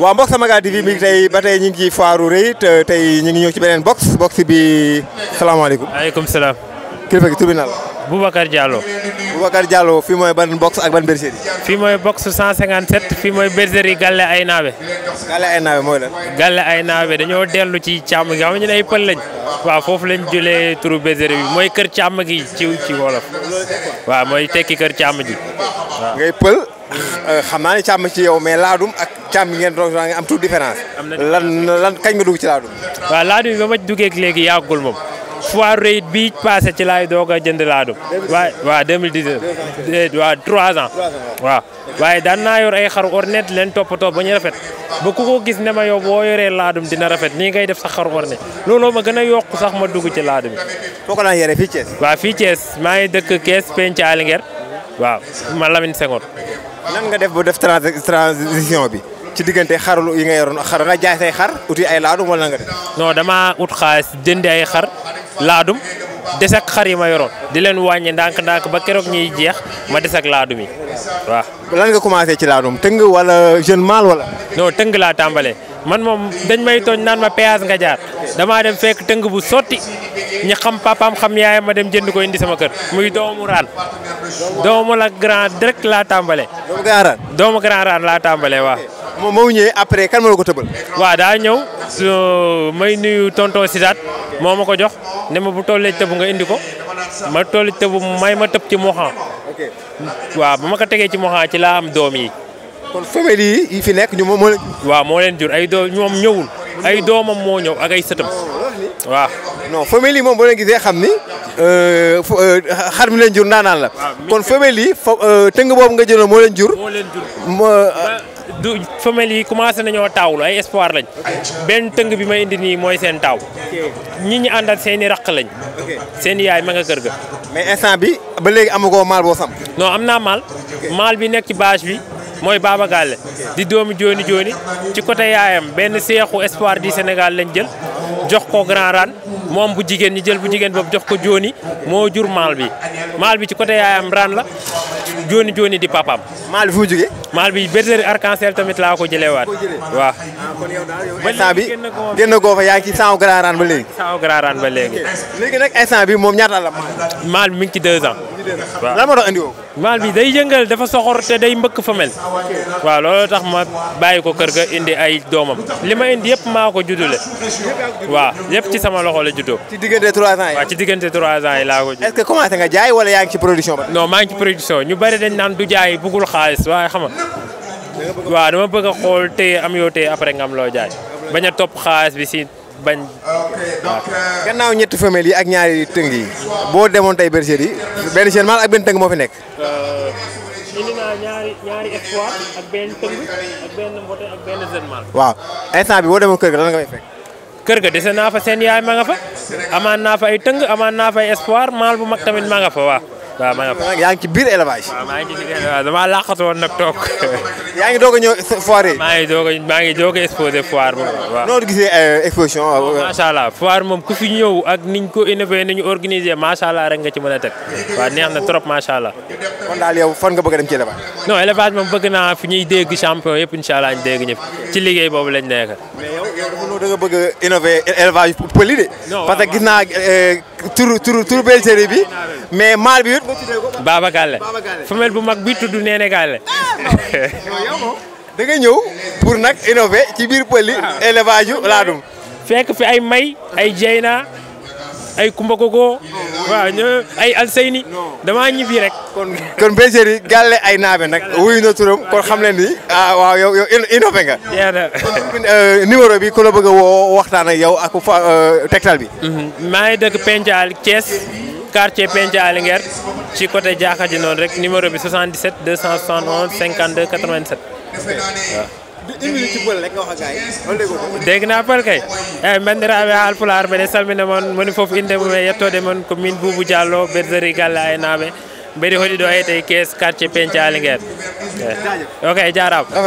waaw mbokk sama TV bi tey ba tey ñu ngi ci foire ñu ngi ñëw ci beneen box box bi salaamaaleykum. waaleykum salaam. kilifa gi tur bi nan la. Boubacar Diallo. Boubacar Diallo fii mooy ban box ak ban bergerie. fii mooy box 157 fii mooy fi Galle ay gale Galle ay naabe mooy lan. Galle ay naabe dañoo dellu ci càmm gi xam nga ñu ne ay pël lañ. waaw foofu lañ jëlee turu bergerie mooy kër càmm gi ci ci wolof. waa mooy tekki kër càmm gi waaw. ngay pël xam naa ne càmm ci yow mais laadum càmm ngeen toog nga am tout différence. lan lan kañ nga dugg ci laadu. waaw laadu bi ba ma duggee léegi yàggul moom. foire rëyit bii passé ci laay doog a jënd laadu. waaye waaw 2019. waaw 3 ans. waa waaye daan naa yor ay xaru ornet leen toppatoo ba ñu rafet. ba ku ko gis ne ma yow boo yoree laadum dina rafet ni ngay def sax xaru ornet looloo ma gën a yokk sax ma dugg ci laadu bi. foo ko daan yoree fii Thiès. waa fii Thiès maa ngi dëkk Kees Penc Alinguer waaw ma Lamine Senghor. nan nga def ba def transition bi. ci diggante xarul yi nga yoroon xar nga jaay say xar uti ay laadum wala nga def. non damaa ut xaalis jëndi ay xar laadum des ak xar yi ma yoroon di leen wàññi ndànk-ndànk ba keroog ñuy jeex ma des ak laadum yi waaw. lan nga commencé ci laadum tëng wala jeune mal wala. non tëng laa tàmbalee man moom dañ may tooñ naan ma péage nga jaar damaa dem fekk tëng bu sotti ñi xam papaam xam yaayam ma dem jënd ko indi sama kër muy doomu raan doomu la grand direct laa moom moo ñëwee après kan moo ko tëbal. waaw daa ñëw su may nuyu tonton Sidaat moo ma ko jox ne ma bu tollee tëb nga indi ko ma tolli tëb may ma tëb ci moxan. ok waaw ba ma ko tegee ci moxan ci laa am doom yi. kon famille fi nekk ñu moom moo leen. waaw moo leen jur ay ñoom ñëwul ay doomam moo ñëw ak ay sëtam. Oh, waaw non famille yi moom boo leen gisee xam ni euh, euh, xar mi leen jur naanaan la. kon famille yi fa euh, tëng boobu nga jëloon moo moo leen jur du femelles yi commencé nañoo taawul ay espoir lañ benn tëng bi ma indi nii mooy seen taaw ñi ñi àndal seen i raq lañ seen yaay ma nga kër ga mais instant bi ba léegi amagoo maal boo sam non am naa maal maal bi nekk ci bâche bi mooy Baba Galle di doomu jooni jooni ci côté yaayam benn seexu espoir du Sénégal lañ jël jox ko Grand Rane moom bu jigéen ñi jël bu jigéen boobu jox ko jooni moo jur maal bi maal bi ci côté yaayam raan la jooni jooni di papam maal bi fu mu maal bi bergerie arc en tamit laa ko jëlewaat. waaw. Ah, kon yow daal bi génn koo fa yaa ngi ci saawu grand raan ba léegi. saawu ba léegi. instant bi moom ñaata la maal. bi mi ngi ci deux ans. waaw lan moo tax andi woo ko maal bi day yëngal dafa soxor te day mbëkk femelle waaw loolu tax ma bàyyi ko kër ga indi ay doomam li ma indi yëpp maa ko juddule waa yëpp ci sama loxo la juddoo ci diggante 3 ans yi waaw ci diggante 3 ans yi laa ko judd est jaay wala yaa ngi ci production ba non maa ngi ci production ñu bari dañ naan du jaay bëggul xaalis waaye xam nga waaw dama bëgg a xool te am yow te après nga loo jaay bañ a topp xaalis bi si bañ. donc euh, ñetti femelles yi ak ñaari tëng yi boo demoon tey bergerie yi benn chien mâle ak benn tëng moo fi nekk. Euh, indi naa ñaari espoir ak benn tëng ak benn mbote ak waaw instant bi boo demoon kër ga lan nga fay fekk. kër ga dese naa fa seen yaay ma fa amaan naa fa ay tëng amaan naa fa ay espoir mâle bu mag tamit ma nga fa waaw. waaw maa ngi fa yaa ngi ci biir élevage. waaw maa ngi ci biir élevage damaa laqatu woon nag toog. yaa ngi doog a ñëw foire yi. maa ngi doog a maa ngi doog a exposé foire moom waaw. noo gisee euh, exposition. macha allah foire moom ku fi ñëw ak niñ ko innové ni ñu organisé macha allah rek nga ci mën a teg waaw neex na trop macha allah. kon daal yow fan nga bëgg a dem ci élevage. non élevage moom bëgg naa fi ñuy dégg champion yëpp incha allah ñu dégg ñëpp ci liggéey boobu lañ nekk. mais yow yow da nga bëgg a innové élevage pëli de. parce que gis naa euh, tur tur tur bergerie bi mais maal bi it. Baba Galle femelle bu mag bi tudd Néné Galle. Ah, da ñëw pour nag innover ci biir pëli ah. élevage laadum. fekk fi ay may ay jeyna ay Kumba Gogo waaw ñoo ay alseyni damaa ñibbi rek. kon kon bergerie ay naabe nag wuyu na kon xam leen ni ah, waaw yow innové nga. Euh, numéro bi ku la bëgg woo waxtaan ak yow ak euh, bi. Mhm. maa ngi Penjaal Thiès. quartier Penc alinger ci côté Diakha non rek numéro bi 77 271 52 87. waaw. dégg naa pël kay eyi bandiraɓe haalpular mbeɗe salmina moon moni foof inde mum yettode moon ko min boubou diallo bergerie galle aynaɓe mbeɗe hoɗi ɗo eyde kees quartier penca alinguére ok jarama